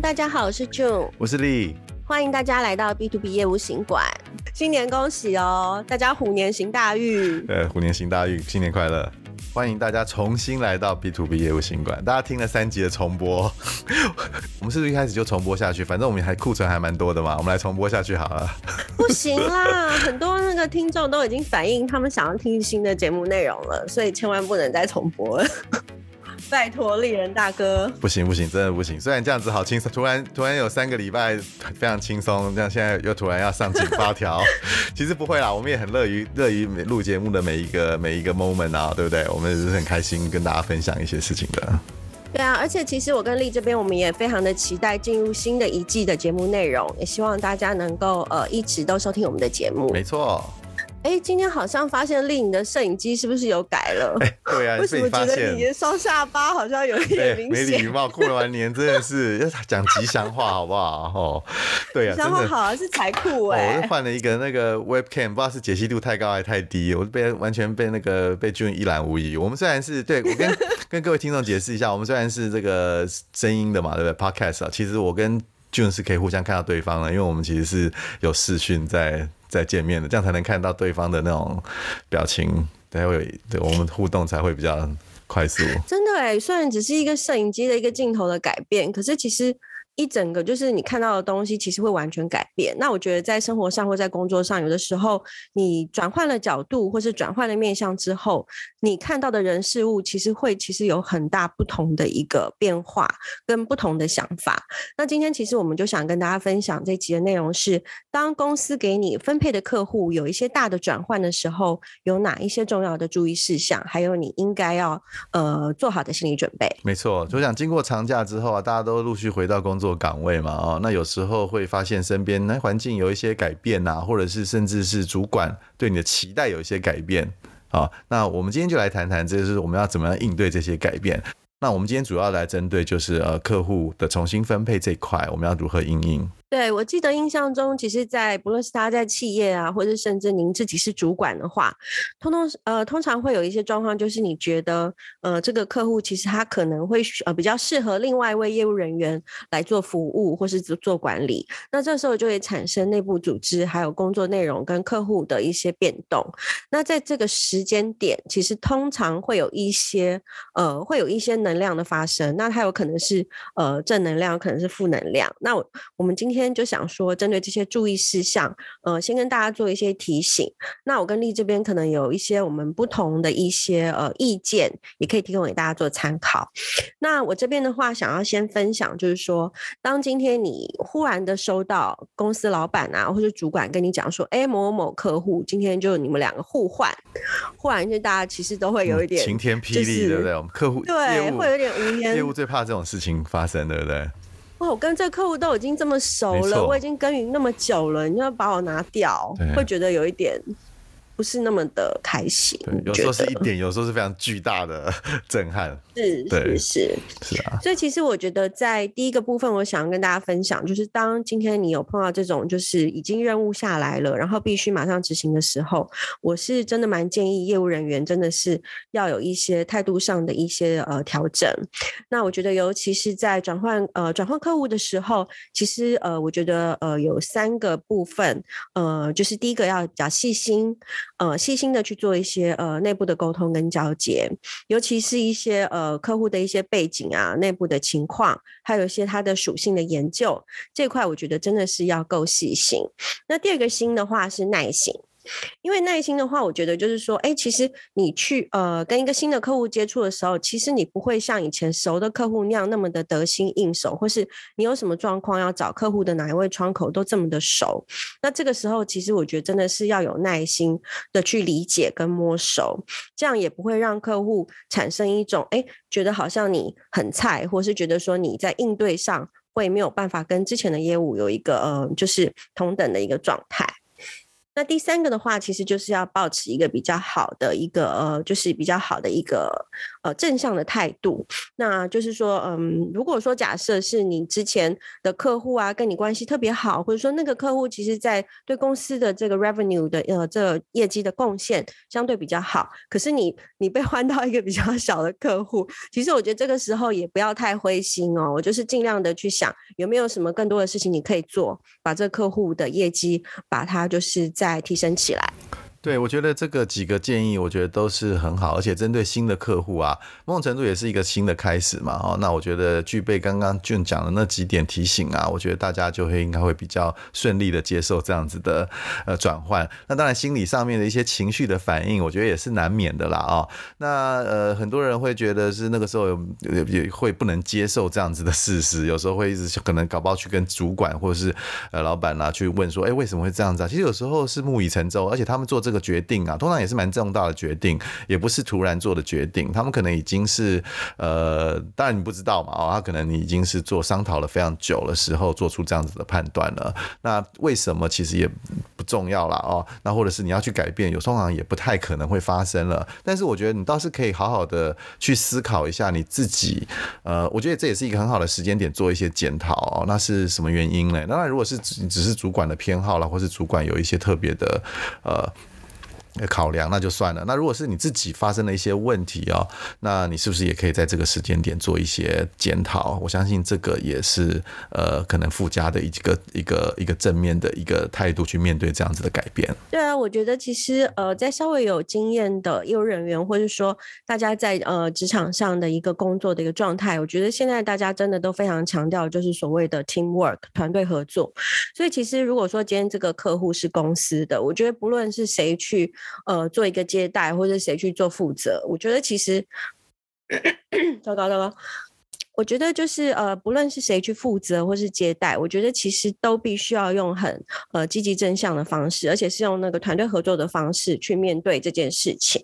大家好，我是 June，我是李，歡迎大家來到 B to B 業務行館，新年恭喜哦，大家虎年行大運，呃，虎年行大運，新年快樂，歡迎大家重新來到 B to B 業務行館，大家聽了三集的重播， 我們是不是一開始就重播下去？反正我們還庫存還蠻多的嘛，我們來重播下去好了。不行啦，很多那個聽眾都已經反映他們想要聽新的節目內容了，所以千萬不能再重播了。拜託，麗人大哥，不行不行，真的不行。雖然這樣子好輕鬆，突然突然有三個禮拜非常輕鬆，這樣現在又突然要上緊發條。 其實不會啦，我們也很樂於樂於錄節目的每一個每一個 moment 啊，對不對？我們是很開心跟大家分享一些事情的。對啊，而且其實我跟麗這邊，我們也非常的期待進入新的一季的節目內容，也希望大家能夠呃一直都收聽我們的節目。哦，沒錯。哎、欸，今天好像發現麗穎的攝影機是不是有改了？欸、對啊，你為什麼覺得你的雙下巴好像有一點明顯、欸？沒禮貌，過完年真的是 要講吉祥話，好不好？哦，對啊、吉祥話好像、啊、是財庫哎，我又換了一個那個 webcam，不知道是解析度太高還是太低，我被完全被那個被俊一覽無遺。我們雖然是對我跟跟各位聽眾解釋一下，我們雖然是這個聲音的嘛，對不對？Podcast 啊，其實我跟就是可以互相看到對方了，因為我們其實是有視訊在在見面的，這樣才能看到對方的那種表情，對，我們互動才會比較快速。 真的哎、欸，雖然只是一個攝影機的一個鏡頭的改變，可是其實。一整個就是你看到的東西，其實會完全改變。那我覺得在生活上或在工作上，有的時候你轉換了角度或是轉換了面向之後，你看到的人事物其實會其實有很大不同的一個變化跟不同的想法。那今天其實我們就想跟大家分享這集的內容是，當公司給你分配的客戶有一些大的轉換的時候，有哪一些重要的注意事項，還有你應該要呃做好的心理準備。沒錯，就想經過長假之後啊，大家都陸續回到工作，做崗位嘛，哦，那有時候會發現身邊那環境有一些改變吶、啊，或者是甚至是主管對你的期待有一些改變，啊，那我們今天就來談談，這就是我們要怎麼樣應對這些改變。那我們今天主要來針對就是呃客戶的重新分配這一塊，我們要如何因應。對，我記得印象中，其實，在不論是他在企業啊，或是甚至您自己是主管的話，通通呃，通常會有一些狀況，就是你覺得呃，這個客戶其實他可能會呃比較適合另外一位業務人員來做服務，或是做做管理。那這時候就會產生內部組織還有工作內容跟客戶的一些變動。那在這個時間點，其實通常會有一些呃，會有一些能量的發生。那它有可能是呃正能量，可能是負能量。那我我們今天。今天就想說，針對這些注意事項，呃，先跟大家做一些提醒。那我跟麗這邊可能有一些我們不同的一些呃意見，也可以提供給大家做參考。那我這邊的話，想要先分享，就是說，當今天你忽然的收到公司老板啊，或者主管跟你講說，哎，某某某客戶今天就你們兩個互換，忽然就大家其實都會有一點、就是嗯、晴天霹靂，對不、就是、對？客戶對會有點無言。業務最怕這種事情發生的，對不對？哇，我跟這個客戶都已經這麼熟了，沒錯。我已經耕耘那麼久了，你要把我拿掉，對啊，會覺得有一點。不是那麼的開心，對有時候是一點，有時候是非常巨大的震撼。是，對是，是，是，是啊。所以其實我覺得，在第一個部分，我想要跟大家分享，就是當今天你有碰到這種，就是已經任務下來了，然後必須馬上執行的時候，我是真的蠻建議業務人員真的是要有一些態度上的一些呃調整。那我覺得，尤其是在轉換呃轉換客戶的時候，其實呃，我覺得呃有三個部分，呃，就是第一個要較細心。呃，細心的去做一些呃內部的溝通跟交接，尤其是一些呃客戶的一些背景啊、內部的情況，還有一些他的屬性的研究，這塊我覺得真的是要夠細心。那第二個心的話是耐心。因為耐心的話，我覺得就是說，哎，其實你去呃跟一個新的客戶接觸的時候，其實你不會像以前熟的客戶那樣那麼的得心應手，或是你有什麼狀況要找客戶的哪一位窗口都這麼的熟。那這個時候，其實我覺得真的是要有耐心的去理解跟摸熟，這樣也不會讓客戶產生一種哎，覺得好像你很菜，或是覺得說你在應對上會沒有辦法跟之前的業務有一個呃，就是同等的一個狀態。那第三個的話，其實就是要保持一個比較好的一個呃，就是比較好的一個呃正向的態度。那就是說，嗯，如果說假設是你之前的客戶啊，跟你關係特別好，或者說那個客戶其實在對公司的這個 revenue 的呃這個業績的貢獻相對比較好，可是你你被換到一個比較小的客戶，其實我覺得這個時候也不要太灰心哦，我就是盡量的去想有沒有什麼更多的事情你可以做，把這客戶的業績把它就是在。來提升起來。對，我覺得這個幾個建議，我覺得都是很好，而且針對新的客戶啊，某種程度也是一個新的開始嘛。哦，那我覺得具備剛剛俊講的那幾點提醒啊，我覺得大家就會應該會比較順利的接受這樣子的、呃、轉換。那當然心理上面的一些情緒的反應，我覺得也是難免的啦。哦，那呃很多人會覺得是那個時候也，也，也會不能接受這樣子的事實，有時候會一直可能搞不好去跟主管或是呃老闆啊去問說，哎、欸，為什麼會這樣子啊？其實有時候是木已成舟，而且他們做這。這個決定啊，通常也是蠻重大的決定，也不是突然做的決定。他們可能已經是呃，當然你不知道嘛，哦，他可能你已經是做商討了非常久的時候做出這樣子的判斷了。那為什麼其實也不重要啦哦。那或者是你要去改變，有時候通常也不太可能會發生了。但是我覺得你倒是可以好好的去思考一下你自己，呃，我覺得這也是一個很好的時間點做一些檢討哦。那是什麼原因呢？當然如果是只只是主管的偏好啦，或是主管有一些特別的呃。考量，那就算了。那如果是你自己發生了一些問題哦，那你是不是也可以在這個時間點做一些檢討？我相信這個也是呃，可能附加的一個一個一個正面的一個態度去面對這樣子的改變。對啊，我覺得其實呃，在稍微有經驗的業務人員，或者說大家在呃職場上的一個工作的一個狀態，我覺得現在大家真的都非常強調就是所謂的 teamwork 團隊合作。所以其實如果說今天這個客戶是公司的，我覺得不論是誰去。呃，做一個接待，或是誰去做負責，我覺得其實， 糟糕，糟糕。我覺得就是呃，不論是誰去負責或是接待，我覺得其實都必須要用很呃積極正向的方式，而且是用那個團隊合作的方式去面對這件事情。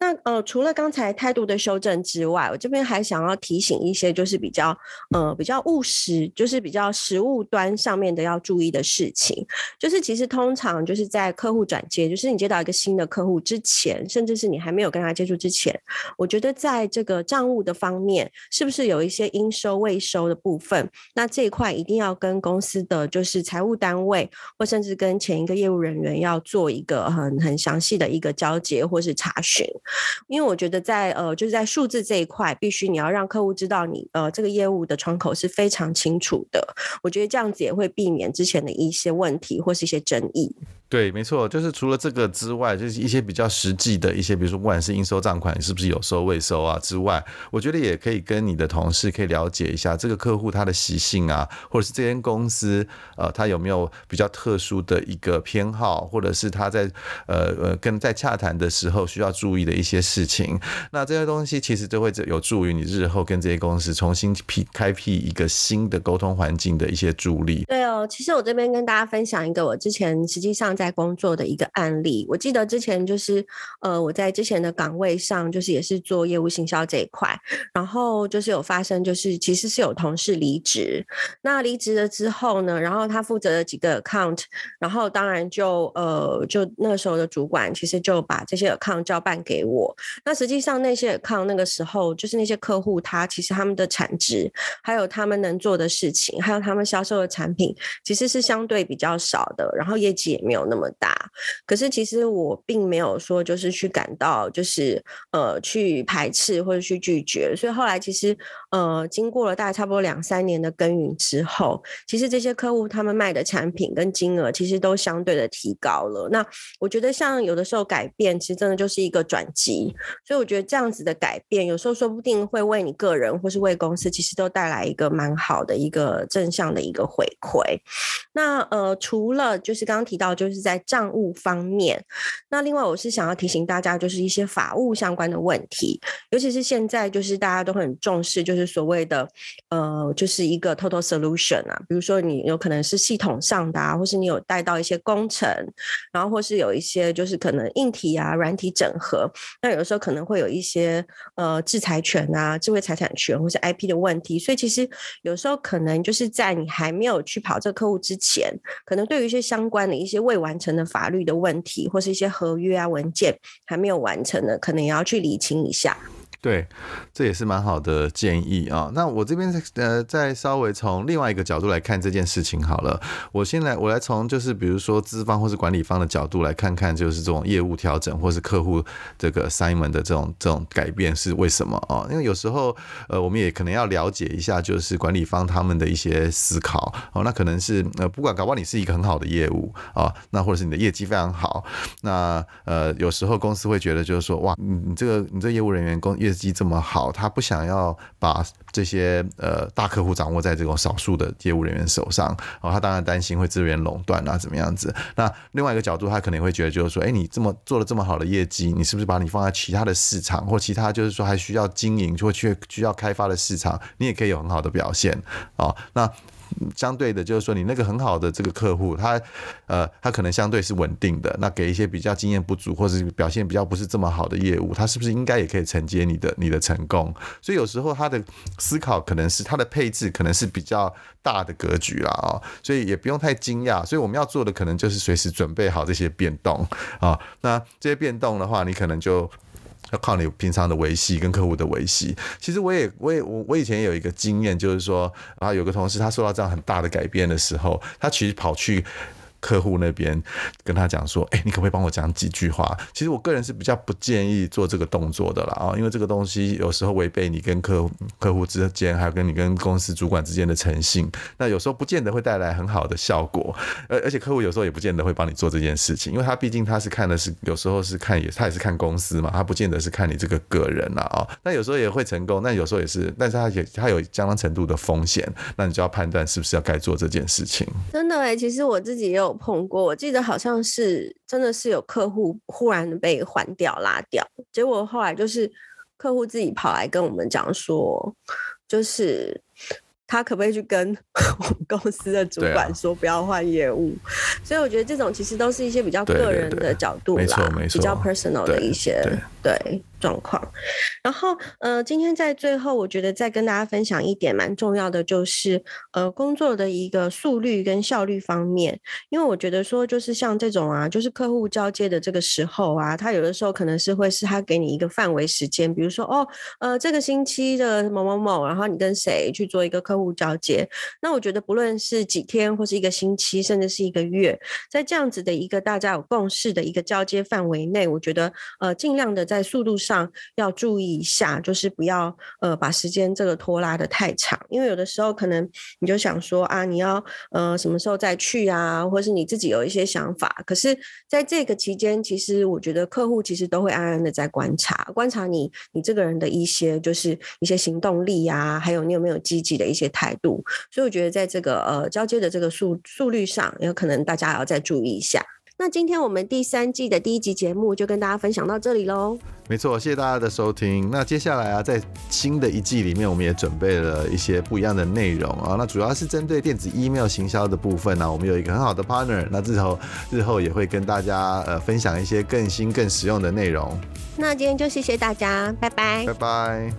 那呃，除了剛才態度的修正之外，我這邊還想要提醒一些，就是比較呃比較務實，就是比較實務端上面的要注意的事情。就是其實通常就是在客戶轉接，就是你接到一個新的客戶之前，甚至是你還沒有跟他接觸之前，我覺得在這個賬務的方面，是不是有一些。一些應收未收的部分，那這一塊一定要跟公司的就是財務單位，或甚至跟前一個業務人員要做一個很很詳細的一個交接或是查詢，因為我覺得在呃就是在數字這一塊，必須你要讓客戶知道你呃這個業務的窗口是非常清楚的。我覺得這樣子也會避免之前的一些問題或是一些爭議。對，沒錯，就是除了這個之外，就是一些比較實際的一些，比如說不管是應收賬款是不是有收未收啊之外，我覺得也可以跟你的同事，也可以了解一下這個客戶他的習性啊，或者是這間公司呃，他有沒有比較特殊的一個偏好，或者是他在呃呃跟在洽談的時候需要注意的一些事情。那這些東西其實都會有助於你日後跟這些公司重新闢開闢一個新的溝通環境的一些助力。對哦，其實我這邊跟大家分享一個我之前實際上在工作的一個案例。我記得之前就是呃，我在之前的崗位上就是也是做業務行銷這一塊，然後就是有發生。就是其實是有同事離職，那離職了之後呢，然後他負責了幾個 account，然後當然就呃就那時候的主管其實就把這些 account 交辦給我。那實際上那些 account 那個時候就是那些客戶他，他其實他們的產值，還有他們能做的事情，還有他們銷售的產品，其實是相對比較少的，然後業績也沒有那麼大。可是其實我並沒有說就是去感到就是呃去排斥或者去拒絕，所以後來其實呃。呃，經過了大概差不多兩三年的耕耘之後，其實這些客戶他們賣的產品跟金額其實都相對的提高了。那我覺得像有的時候改變，其實真的就是一個轉機。所以我覺得這樣子的改變，有時候說不定會為你個人或是為公司，其實都帶來一個蠻好的一個正向的一個回饋。那呃，除了就是剛剛提到就是在賬務方面，那另外我是想要提醒大家，就是一些法務相關的問題，尤其是現在就是大家都很重視，就是。所謂的呃，就是一個 total solution 啊，比如說你有可能是系統上的啊，或是你有帶到一些工程，然後或是有一些就是可能硬體啊、軟體整合，那有的時候可能會有一些呃制裁權啊、智慧財產權或是 IP 的問題，所以其實有時候可能就是在你還沒有去跑這個客戶之前，可能對於一些相關的一些未完成的法律的問題，或是一些合約啊文件還沒有完成的，可能也要去理清一下。對，這也是蠻好的建議啊、哦。那我這邊呃，再稍微從另外一個角度來看這件事情好了。我先來，我來從就是比如說資方或是管理方的角度來看看，就是這種業務調整或是客戶這個 assignment 的這種這種改變是為什麼啊、哦？因為有時候呃，我們也可能要了解一下，就是管理方他們的一些思考哦。那可能是呃，不管搞不好你是一個很好的業務啊、哦，那或者是你的業績非常好，那呃，有時候公司會覺得就是說，哇，你、這個、你這個你這業務人員工業績這麼好，他不想要把這些呃大客戶掌握在這種少數的業務人員手上，哦，他當然擔心會資源壟斷啊，怎麼樣子？那另外一個角度，他可能會覺得就是說，哎、欸，你這麼做了這麼好的業績，你是不是把你放在其他的市場，或其他就是說還需要經營或去需要開發的市場，你也可以有很好的表現啊、哦？那。相對的，就是說你那個很好的這個客戶，他，呃，他可能相對是穩定的。那給一些比較經驗不足或者是表現比較不是這麼好的業務，他是不是應該也可以承接你的你的成功？所以有時候他的思考可能是他的配置可能是比較大的格局啦，哦，所以也不用太驚訝。所以我們要做的可能就是隨時準備好這些變動啊，喔。那這些變動的話，你可能就。要靠你平常的維繫跟客戶的維繫。其實我也，我也，我我以前也有一個經驗，就是說，啊，有個同事他受到這樣很大的改變的時候，他其實跑去。客戶那邊跟他講說，欸，你可不可以幫我講幾句話？其實我個人是比較不建議做這個動作的啦啊，因為這個東西有時候違背你跟客客戶之間，還有跟你跟公司主管之間的誠信。那有時候不見得會帶來很好的效果，而而且客戶有時候也不見得會幫你做這件事情，因為他畢竟他是看的是有時候是看也他也是看公司嘛，他不見得是看你這個個人啦啊。那有時候也會成功，那有時候也是，但是他也他有相當程度的風險，那你就要判斷是不是要該做這件事情。真的欸，其實我自己也有。有碰過，我記得好像是真的是有客戶忽然被換掉拉掉，結果後來就是客戶自己跑來跟我們講說，就是他可不可以去跟我們公司的主管說不要換業務？啊、所以我覺得這種其實都是一些比較個人的角度，對對對，沒錯，沒錯，比較 personal 的一些對。對對狀況，然後呃，今天在最後，我覺得再跟大家分享一點蠻重要的，就是呃，工作的一個速率跟效率方面。因為我覺得說，就是像這種啊，就是客戶交接的這個時候啊，他有的時候可能是會是他給你一個範圍時間，比如說哦，呃，這個星期的某某某，然後你跟誰去做一個客戶交接。那我覺得不論是幾天或是一個星期，甚至是一個月，在這樣子的一個大家有共識的一個交接範圍內，我覺得呃，盡量的在速度。上要注意一下，就是不要呃把時間這個拖拉的太長，因為有的時候可能你就想說啊，你要呃什麼時候再去啊，或是你自己有一些想法，可是在這個期間，其實我覺得客戶其實都會暗暗的在觀察，觀察你你這個人的一些就是一些行動力啊，還有你有沒有積極的一些態度，所以我覺得在這個呃交接的這個速速率上，有可能大家要再注意一下。那今天我們第三季的第一集節目就跟大家分享到這裡嘍。沒錯，謝謝大家的收聽。那接下來啊，在新的一季裡面，我們也準備了一些不一樣的內容啊。那主要是針對電子 email 行銷的部分呢、啊，我們有一個很好的 partner。那日後日後也會跟大家呃分享一些更新更實用的內容。那今天就謝謝大家，拜拜，拜拜。